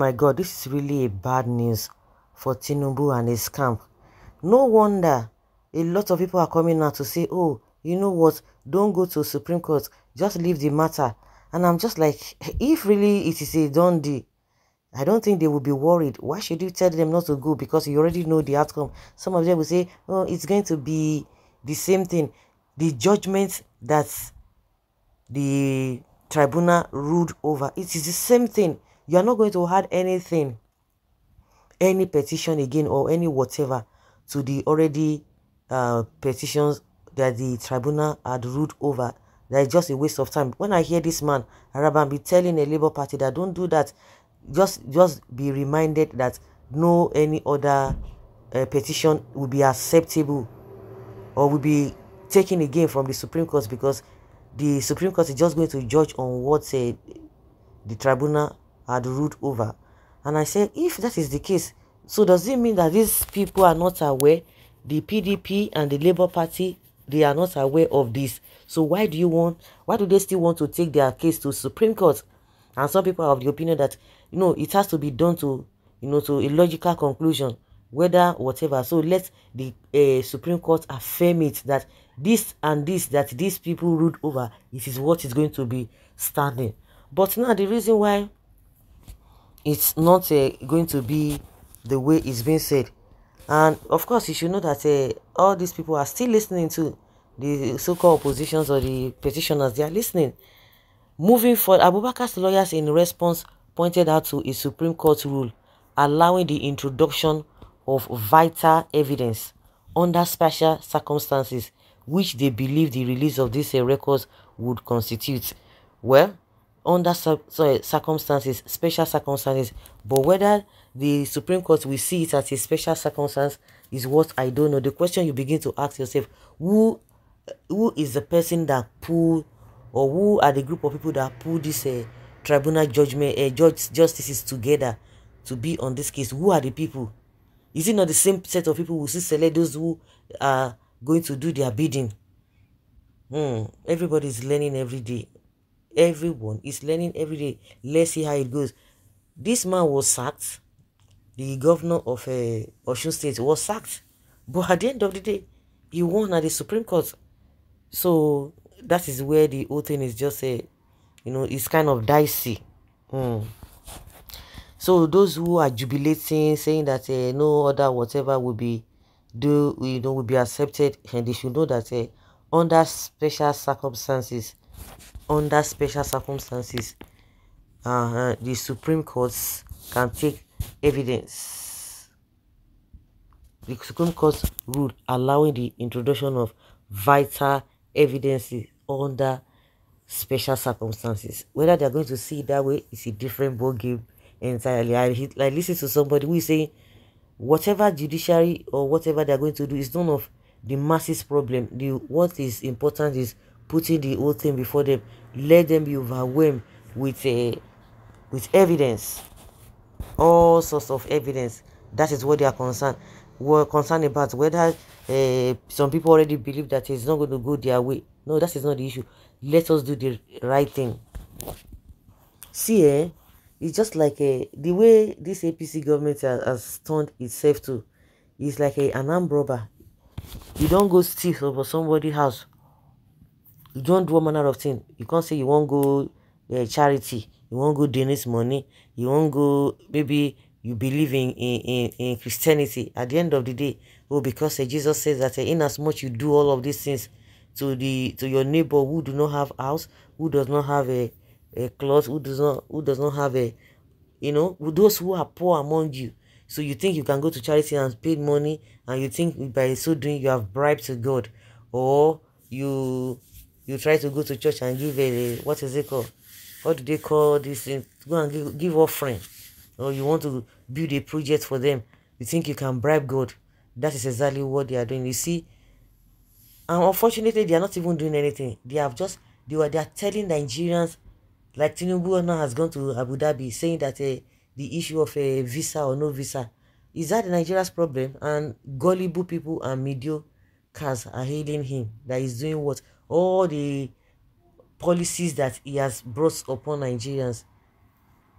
my God, this is really a bad news for Tinubu and his camp. No wonder a lot of people are coming out to say, oh, you know what, don't go to Supreme Court, just leave the matter. And I'm just like, if really it is a done deal, I don't think they will be worried. Why should you tell them not to go? Because you already know the outcome. Some of them will say, oh, it's going to be the same thing. The judgment that the tribunal ruled over, it is the same thing you are not going to add anything, any petition again or any whatever to the already uh, petitions that the tribunal had ruled over. That is just a waste of time. When I hear this man, Araban, be telling a Labour Party that don't do that, just just be reminded that no any other uh, petition will be acceptable or will be taken again from the Supreme Court because the Supreme Court is just going to judge on what uh, the tribunal had ruled over. And I said, if that is the case, so does it mean that these people are not aware, the PDP and the Labour Party, they are not aware of this. So why do you want, why do they still want to take their case to Supreme Court? And some people are of the opinion that, you know, it has to be done to, you know, to a logical conclusion, whether whatever. So let the uh, Supreme Court affirm it that this and this, that these people ruled over, it is what is going to be standing. But now the reason why it's not uh, going to be the way it's being said and of course you should know that uh, all these people are still listening to the so-called oppositions or the petitioners they are listening moving forward abubakar's lawyers in response pointed out to a supreme court rule allowing the introduction of vital evidence under special circumstances which they believe the release of these uh, records would constitute well under circumstances, special circumstances. But whether the Supreme Court will see it as a special circumstance is what I don't know. The question you begin to ask yourself, who who is the person that pulled or who are the group of people that pulled this uh, tribunal judgment, uh, judge, justices together to be on this case? Who are the people? Is it not the same set of people who see select those who are going to do their bidding? Hmm. Everybody is learning every day everyone is learning every day let's see how it goes this man was sacked the governor of uh, ocean State was sacked. But at the end of the day, he won at the Supreme Court. So that is where the whole thing is just a, uh, you know, it's kind of dicey. Mm. So those who are jubilating, saying that uh, no other whatever will be do, you know, will be accepted, and they should know that uh, under special circumstances, under special circumstances, uh, uh the Supreme Courts can take evidence. The Supreme Court ruled allowing the introduction of vital evidences under special circumstances. Whether they're going to see it that way is a different ballgame entirely. I, I listen to somebody who is saying, whatever judiciary or whatever they're going to do is none of the masses problem. The What is important is putting the whole thing before them. Let them be overwhelmed with a eh, with evidence, all sorts of evidence. That is what they are concerned were concerned about whether uh, some people already believe that it's not going to go their way. No, that is not the issue. Let us do the right thing. See, eh, it's just like a eh, the way this APC government has, has turned itself to. It's like a, an arm robber. You don't go steal over somebody's house you don't do all manner of thing you can't say you won't go eh, charity you won't go donate money you won't go maybe you believe in, in, in, in Christianity, at the end of the day, oh, because uh, Jesus says that uh, in as much you do all of these things to the to your neighbor who do not have house, who does not have a, a cloth, who does not who does not have a, you know, those who are poor among you. So you think you can go to charity and pay money, and you think by so doing you have bribed to God, or you you try to go to church and give a what is it called? What do they call this thing? Go and give give offering, or you want to build a project for them. You think you can bribe God? That is exactly what they are doing. You see, and unfortunately, they are not even doing anything. They have just they were they are telling Nigerians, like Tinubu now has gone to Abu Dhabi, saying that uh, the issue of a eh, visa or no visa is that the Nigeria's problem, and gullible people and media cars are hailing him that he's doing what all the policies that he has brought upon Nigerians,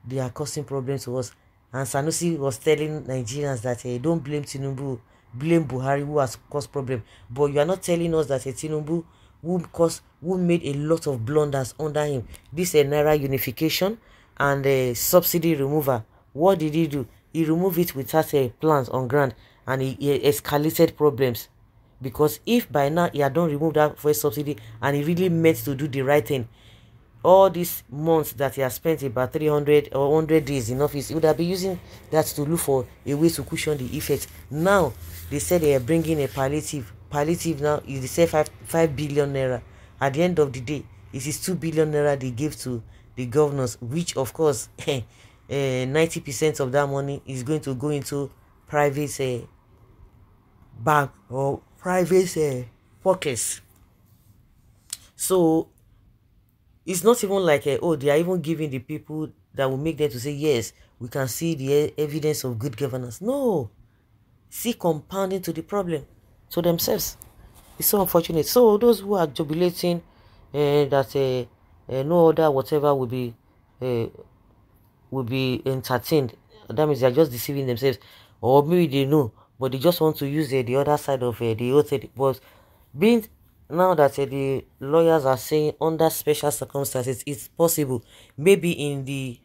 they are causing problems to us. And Sanusi was telling Nigerians that hey, eh, don't blame Tinubu, blame Buhari who has caused problem. But you are not telling us that hey, eh, Tinubu who caused, who made a lot of blunders under him. This is eh, Naira unification and subsidy remover. What did he do? He removed it without a plans on ground and he, he escalated problems. because if by now he had not removed that first subsidy and he really meant to do the right thing all these months that he has spent about 300 or 100 days in office he would have been using that to look for a way to cushion the effect now they said they are bringing a palliative palliative now is the say five five billion naira at the end of the day it is two billion naira they gave to the governors which of course uh, percent of that money is going to go into private uh, bank or private uh, pockets. So it's not even like, uh, oh, they are even giving the people that will make them to say, yes, we can see the evidence of good governance. No. See compounding to the problem to themselves. It's so unfortunate. So those who are jubilating uh, that uh, no other whatever will be will be entertained, that means they are just deceiving themselves. Or maybe they know but they just want to use uh, the other side of uh, the whole But being now that uh, the lawyers are saying under special circumstances, it's possible. Maybe in the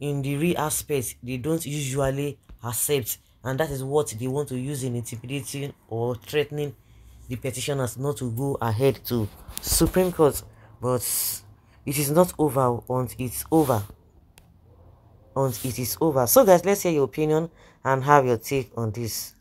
in the real aspect, they don't usually accept, and that is what they want to use in intimidating or threatening the petitioners not to go ahead to Supreme Court. But it is not over once it's over. it is over. So guys, let's hear your opinion and have your take on this.